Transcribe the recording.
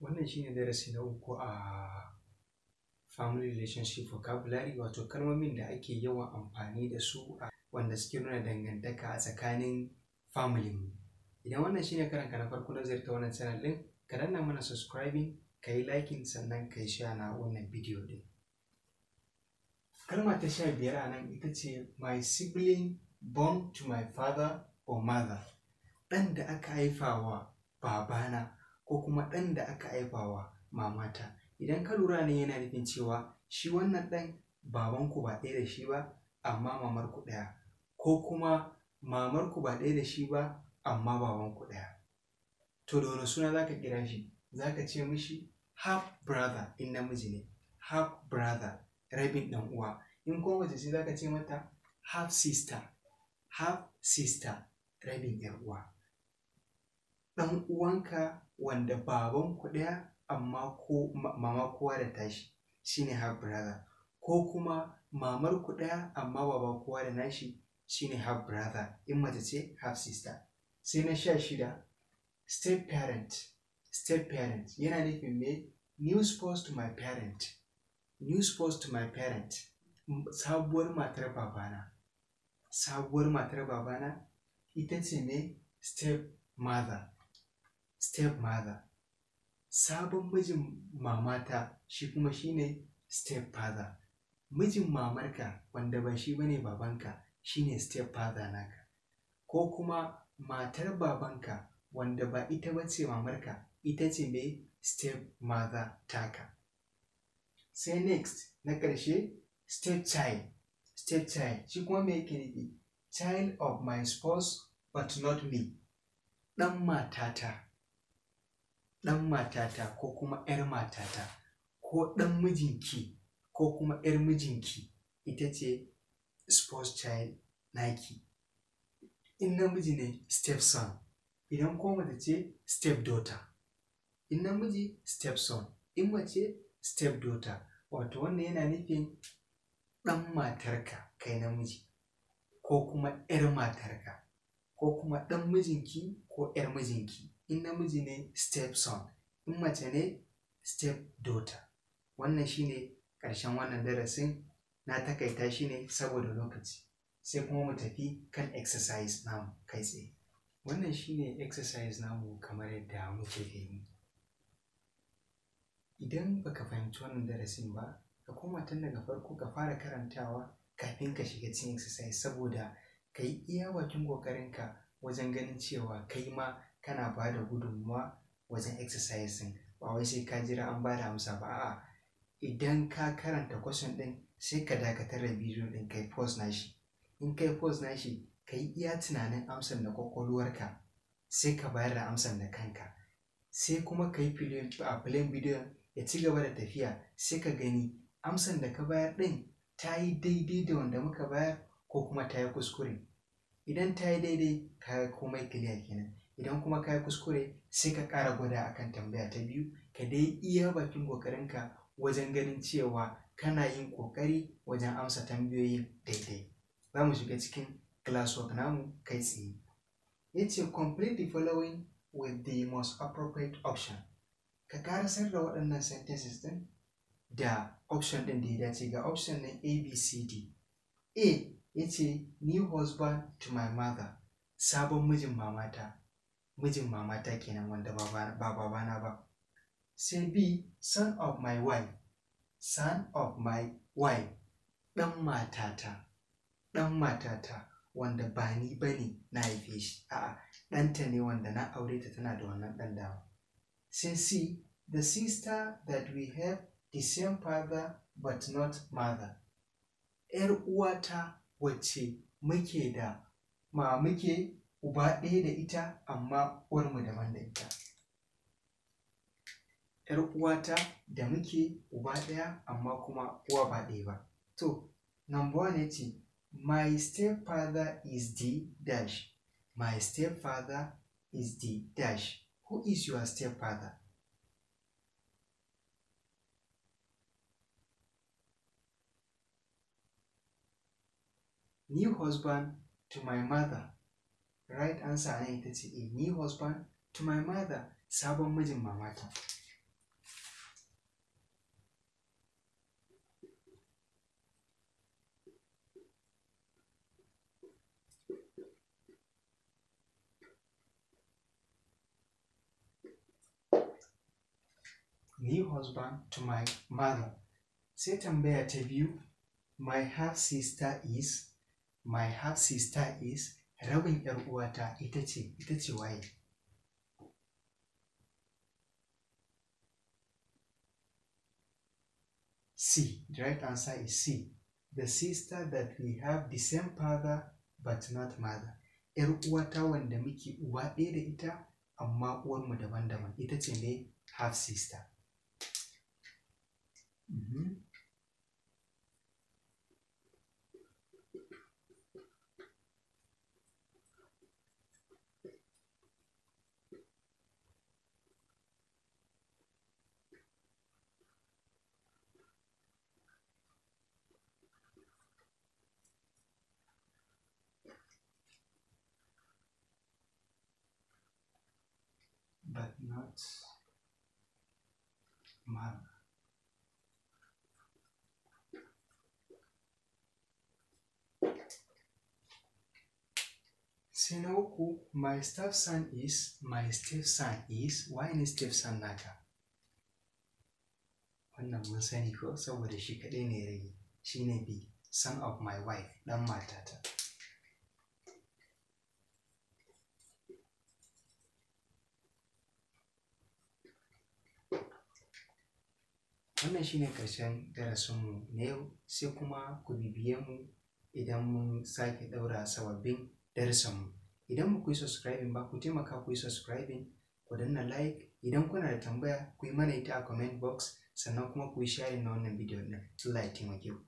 Wannan shi ne darasi na uku a Family Relationship Vocabulary wato kalmomin da ake yawan amfani da su a wanda suke nuna dangantaka a tsakanin family mu. Idan wannan shi ne karanka na farko na ziyarta wannan channel ɗin, ka danna mana subscribing, ka yi liking sannan ka yi share na wannan bidiyo ɗin. Kalma ta sha biyar a nan ita ce My sibling born to my father or mother. Ɗan da aka haifa wa babana ko kuma ɗan da aka aifawa mamata idan ka lura ne yana nufin cewa shi wannan ɗan baban ku ba ɗaya da shi ba amma mamar ku ɗaya ko kuma mamar ku ba ɗaya da shi ba amma baban ku ɗaya to da wani suna za ka kira shi za ka ce mishi half brother in namiji ne half brother rabin ɗan uwa in ko mace ce za ka ce mata half sister half sister rabin 'yar uwa ɗan uwanka wanda baban ku ɗaya amma ko mama kowa da tashi shine half brother ko kuma mamar ku ɗaya amma baba kowa da nashi shine half brother in mace ce half sister sai na sha shida step parent step parent yana nufin me new post to my parent new post to my parent sabuwar matar babana sabuwar matar babana ita ce ne step mother step stepmother sabon mijin mamata shi kuma shine stepfather mijin mamarka wanda ba shi bane babanka shine stepfather naka ko kuma matar babanka wanda ba ita bace mamarka ita ce mai stepmother taka sai next na ƙarshe stepchild stepchild shi kuma me yake nufi child of my spouse but not me ɗan matata ɗan matata ko kuma 'yar matata ko ɗan mijinki ko kuma 'yar mijinki ita ce sports child naki in namiji ne step son idan ko mace ce step daughter in namiji step son in mace step daughter wato wannan yana nufin ɗan matarka kai namiji ko kuma 'yar matarka ko kuma ɗan mijinki ko 'yar mijinki in namiji ne step son in mace ne step daughter wannan shine ƙarshen wannan darasin na takaita shi ne saboda lokaci sai kuma mu tafi kan exercise namu kai tsaye wannan shine exercise namu kamar yadda muke gani idan baka fahimci wannan darasin ba ka koma tun daga farko ka fara karantawa kafin ka shiga cin exercise saboda ka yi iya bakin ƙoƙarinka wajen ganin cewa kai ma kana ba da gudunmuwa wajen exercising ba wai sai ka jira an ba da amsa ba a'a idan ka karanta question ɗin sai ka dakatar da bidiyo ɗin kai post na shi in kai post na shi ka yi iya tunanin amsan da kwakwalwarka sai ka bayar da amsan da kanka sai kuma ka yi a filin bidiyon ya ci gaba da tafiya sai ka gani amsan da ka bayar ɗin ta yi daidai da wanda muka bayar ko kuma ta yi kuskure idan ta yi daidai ka yi komai kiliya kenan idan kuma ka yi kuskure sai ka ƙara gwada akan tambaya ta biyu ka dai iya bakin ƙoƙarinka wajen ganin cewa kana yin ƙoƙari wajen amsa tambayoyi daidai za mu shiga cikin classwork namu kai tsaye ya ce complete the following with the most appropriate option ka karasar da waɗannan sentences din da option ɗin da ya dace ga option na abcd a ya ce ni husband to my mother sabon mijin mamata mijin mamata kenan wanda ba babana ba sai b son of my wife son of my wife ɗan matata ɗan matata wanda ba ni ba ne na haife shi a'a ɗanta ne wanda na aure ta tana da wannan ɗan dama sai c the sister that we have the same father but not mother ‘yar uwata wacce muke da ma muke uba ɗaya da ita amma uwarmu daban da ita ‘yar uwata da muke uba ɗaya amma kuma uwa ba ɗaya ba to number one ya ce my stepfather is the dash my father is the dash who is your father? new husband to my mother right answer nan ita ce a eh, new husband to my mother sabon mijin mamata new husband to my mother sai tambaya ta biyu my half sister is my half sister is rabin yar uwata ita ce ita ce waye C the right answer is C the sister that we have the same father but not mother yar uwata wanda muke uwa ɗaya da ita amma uwar mu daban-daban ita ce ne half sister mm -hmm. but not mother. Sai na my stepson is, my stepson is, why ne stepson naka? Wannan mun sani ko saboda shi kaɗai ne rage, shi ne bi, son of my wife, ɗan matata. Wannan shine ne ƙarshen darasinmu na yau sai kuma ku bibiye mu idan mun sake ɗaura sababbin darasinmu. Idan ba ku yi subscribing ba ku taimaka ku yi subscribing ku danna like idan kuna da tambaya ku yi mana ita a comment box sannan kuma ku yi sharing na wannan bidiyon na Allah ya taimake ku.